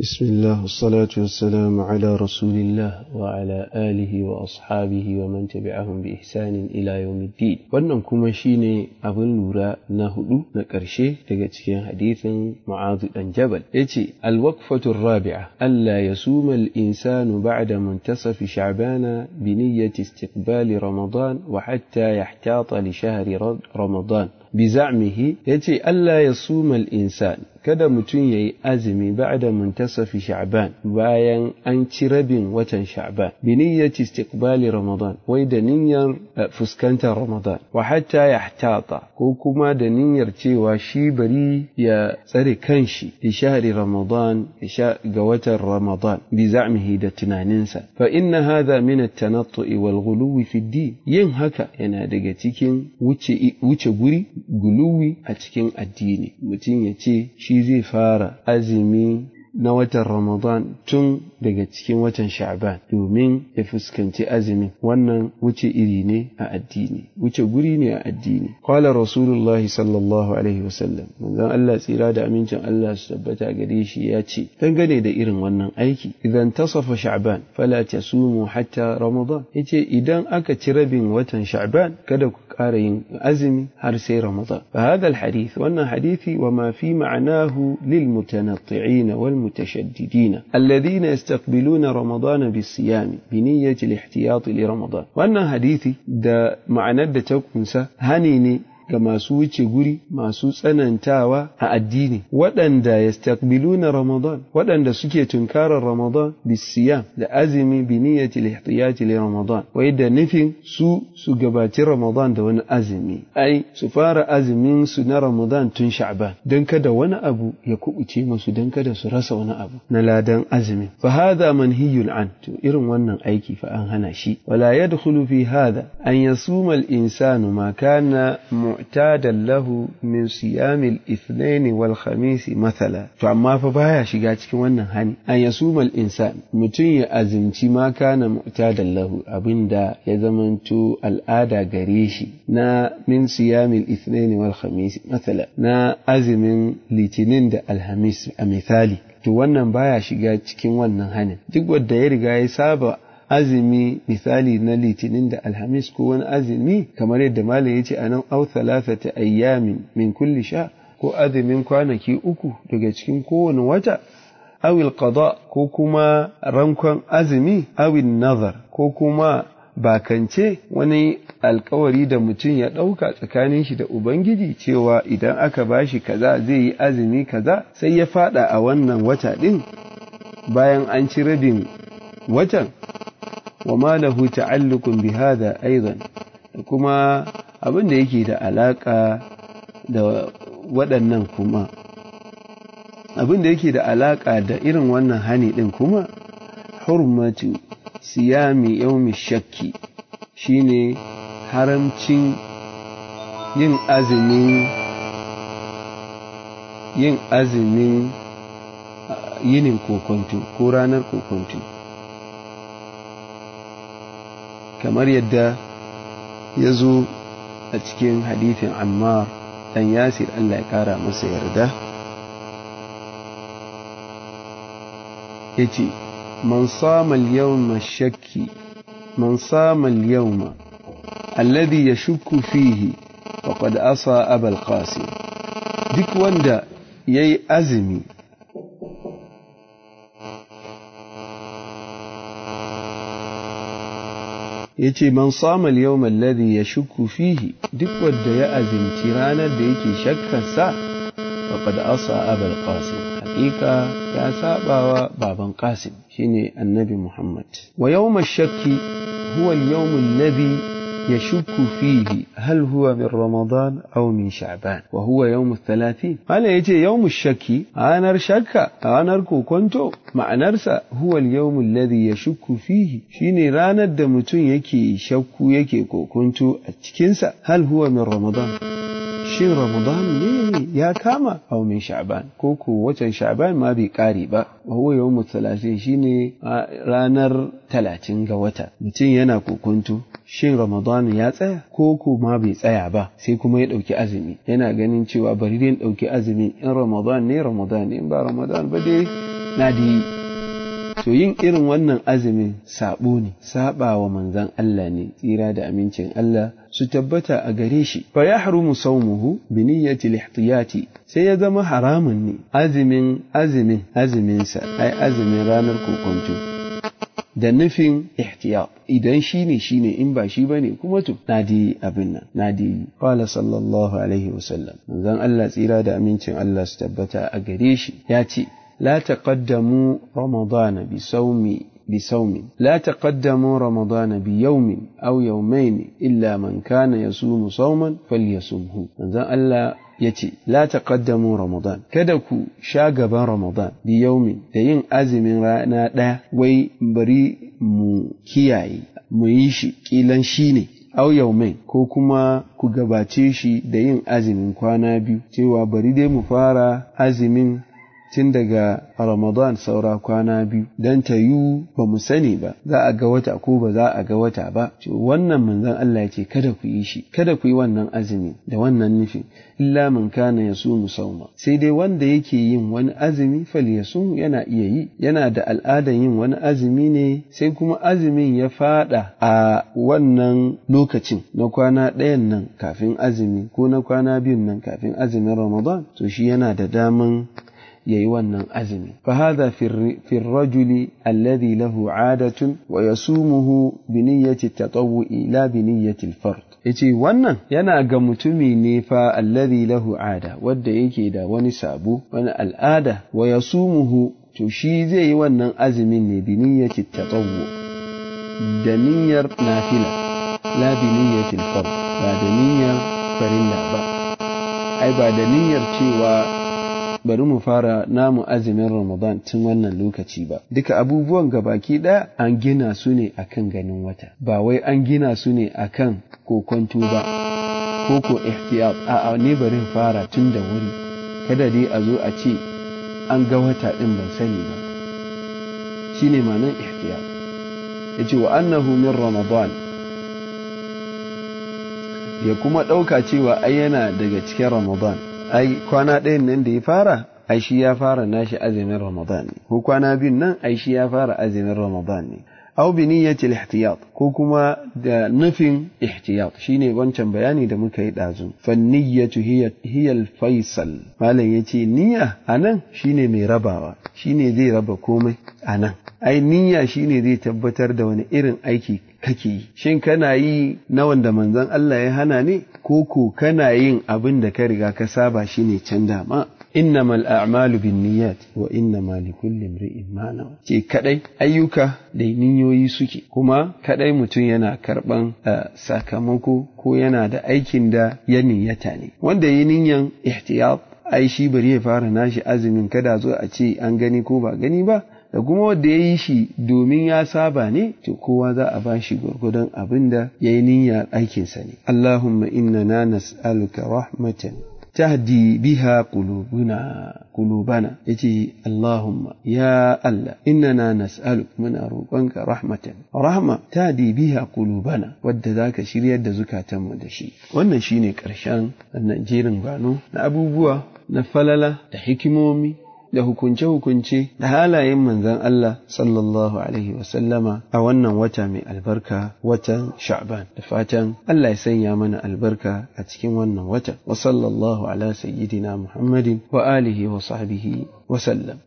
بسم الله والصلاة والسلام على رسول الله وعلى آله وأصحابه ومن تبعهم بإحسان إلى يوم الدين وأنا كما شيني أبو النورة نهدو نكرشي تجتكي حديث معاذ أن جبل إتي الوقفة الرابعة ألا يصوم الإنسان بعد منتصف شعبان بنية استقبال رمضان وحتى يحتاط لشهر رمضان bi za'mihi yace Allah ya suma al-insan kada mutum yayi azumi ba'da muntasafi sha'ban bayan an ci rabin watan sha'ban bi niyyati istiqbali ramadan wai da niyyar fuskantar ramadan wa hatta yahtata ko kuma da niyyar cewa shi bari ya tsare kanshi da shahri ramadan ga watan ramadan bi za'mihi da tunaninsa fa inna hadha min at-tanattu'i wal ghuluwi fi din yin haka yana daga cikin wuce wuce guri guluwi a cikin addini mutum ya ce shi zai fara azumi na watan Ramadan tun daga cikin watan Sha'ban domin ya fuskanci azumin wannan wuce iri ne a addini wuce guri ne a addini qala rasulullahi sallallahu alaihi wasallam manzon Allah tsira da amincin Allah su tabbata gare shi ya ce dangane da irin wannan aiki idan tasafa Sha'ban fala tasumu hatta Ramadan yace idan aka ci rabin watan Sha'ban kada ku ƙara yin azumi har sai Ramadan fa hadha al wannan hadisi wa ma fi ma'anahu lil mutanatti'in wal المتشددين الذين يستقبلون رمضان بالصيام بنية الاحتياط لرمضان وأن حديثي دا معنى دا تكون هنيني ga masu wuce guri masu tsanantawa a addini waɗanda ya na ramadan waɗanda suke tunkarar ramadan bisiyam da azumi bi niyyati lihtiyati li ramadan wai da nufin su su gabaci ramadan da wani azumi ai su fara azumin su na ramadan tun sha'ban dan kada wani abu ya kubuce musu dan kada su rasa wani abu na ladan azumi fa hadha manhiyun an to irin wannan aiki fa an hana shi wala yadkhulu fi hadha an yasuma al insanu ma kana mu mu'tada lahu min siyamil ithnain wal khamis mathala to amma fa baya shiga cikin wannan hani an yasumal insan mutum ya azumci ma kana mu'tada lahu abinda ya zamanto al'ada gare shi na min siyamil ithnain wal khamis mathala na azumin litinin da alhamis a misali to wannan baya shiga cikin wannan hanin duk wanda ya riga ya saba azumi misali na litinin da alhamis ko wani azumi kamar yadda malam ya ce a nan au ta ayyamin min kulli sha ko azumin kwanaki uku daga cikin kowane wata awil qada ko kuma rankon azumi awil nazar ko kuma bakance wani alkawari da mutum ya ɗauka tsakanin shi da Ubangiji cewa idan aka bashi kaza zai yi azumi kaza sai ya fada a wannan wata ɗin bayan an ci rabin watan wa ma lahu ta'alluqun bi hadha aidan abin da yake da alaka da waɗannan kuma abin da yake da alaka da irin wannan hani din kuma hurmatu siyami yawmi shakki shine haramcin yin azumin yin azumin yinin kokonto ko ranar kokonto kamar yadda ya zo a cikin hadithin ammar ɗan yasir allah ya ƙara masa yarda ya ce man samal yawma shakki man samal yawma alladhi yashukku fihi faqad asa abal duk wanda yayi azumi yace man sama al-yawm alladhi yashukku fihi duk wanda ya azinci ranar da yake shakkar sa faqad asa abul qasim hakika ya sabawa baban qasim shine annabi muhammad wa yawm ash-shakki huwa al-yawm alladhi يشك فيه هل هو من رمضان أو من شعبان وهو يوم الثلاثين قال يجي يوم الشك أنا شك أنا أركو كنت مع نرسى هو اليوم الذي يشك فيه شيني رانا الدمتون يكي شك يكي كو كنت أتكنسى هل هو من رمضان شين رمضان ليه يا كاما أو من شعبان كوكو وتن شعبان ما بي قاربا وهو يوم الثلاثين شيني آه، رانر ثلاثين قوتا متين ينا كنتو shin Ramadan ya tsaya ko kuma bai tsaya ba sai kuma ya ɗauki azumi yana ganin cewa bari dai ɗauki azumi in Ramadan ne Ramadan ne in ba Ramadan ba dai na di To yin irin wannan azumin sabo ne, saba wa manzan Allah ne, tsira da amincin Allah su tabbata a gare shi. Fa ya harumu saumuhu bi niyyati lihtiyati sai ya zama haramun ne azumin azumin azuminsa ai azumin ranar kokonto. da nufin ihtiyar idan shi ne shi ne in ba shi bane kuma to na di abin nan na di qala sallallahu alaihi wasallam manzon Allah tsira da amincin Allah su tabbata a gare shi ya ce la taqaddamu ramadan bi saumi taqaddamu ramadan bi yawmin aw yawmayn illa man kana yasumu sawman falyasumhu فليصمه. Allah ya ce, La taqaddamu Ramadan, kada ku sha gaban Ramadan bi yaumin da yin azumin rana ɗaya wai bari mu kiyaye, mu yi shi ƙilan shi ne. Au yaumin ko kuma ku gabace shi da yin azumin kwana biyu, cewa bari dai mu fara azumin tun daga Ramadan saura kwana biyu dan ta yi ba mu sani ba za a ga wata ko ba za a ga wata ba wannan manzon Allah yake kada ku yi shi kada ku yi wannan azumi da wannan nufin illa man kana yasumu sauma sai dai wanda yake yin wani azumi falyasum yana iya yi yana da al'adan yin wani azumi ne sai kuma azumin ya fada a wannan lokacin na kwana ɗayan nan kafin azumi ko na kwana biyun nan kafin azumin Ramadan to shi yana da daman yayi wannan azumi fa hadha fi rajuli alladhi lahu adatun wa yasumuhu bi niyyati tatawwu'i la bi niyyati al-fard yace wannan yana ga mutumi ne fa alladhi lahu ada wanda yake da wani sabo wani al'ada wa yasumuhu to shi zai yi wannan azumin ne bi niyyati tatawwu da niyyar nafila la bi niyyati al-fard ba da niyyar farilla ba ai ba da niyyar cewa bari mu fara namu azumin Ramadan tun wannan lokaci ba. Duka abubuwan gabaki ɗaya an gina su ne akan ganin wata, ba wai an gina su ne akan kokonto ba, ko ko ihtiyat a'a ne bari fara tun da wuri, kada dai a zo a ce an ga wata ɗin ban sani ba. Shi ne ma'anar ihtiyat. Ya ce wa annahu min Ramadan ya kuma ɗauka cewa ai yana daga cikin Ramadan. ai kwana ɗayan nan da ya fara ai shi ya fara nashi azumin ramadan ne ko kwana biyun nan ai shi ya fara azumin ramadan ne aw bi niyyati ihtiyat ko kuma da nufin ihtiyat shine wancan bayani da muka yi dazu fa niyyatu hiya hiya al faisal malam yace niyya anan shine mai rabawa shine zai raba komai anan ai niyya shine zai tabbatar da wani irin aiki kake yi shin kana yi na wanda manzon Allah ya hana ne ko ko kana yin abin da ka riga ka saba shine can dama innamal a'malu niyyat wa innama likulli imri'in ma nawa ce kadai ayyuka da niyyoyi suke kuma kadai mutum yana karban eh, sakamako ko yana da aikin da ya niyyata ne wanda yi niyyan ihtiyat ai shi bari ya fara nashi azumin kada zo a ce an gani ko ba gani ba da kuma wanda ya yi shi domin ya saba ne to kowa za a ba shi gwargwadon abin da ya yi niyya aikinsa ne Allahumma inna na nas'aluka rahmatan tahdi biha qulubuna qulubana yace Allahumma ya Allah inna nas'aluka muna roƙonka rahmatan rahma tahdi biha qulubana wadda zaka shiryar da zukatanmu da shi wannan shine ƙarshen wannan jerin gwano na abubuwa na falala da hikimomi da hukunce-hukunce da halayen manzon Allah sallallahu alaihi wasallama a wannan wata mai albarka watan Sha'ban da fatan Allah ya sanya mana albarka a cikin wannan wata wa sallallahu ala sayyidina Muhammadin wa alihi wa sahbihi wa sallam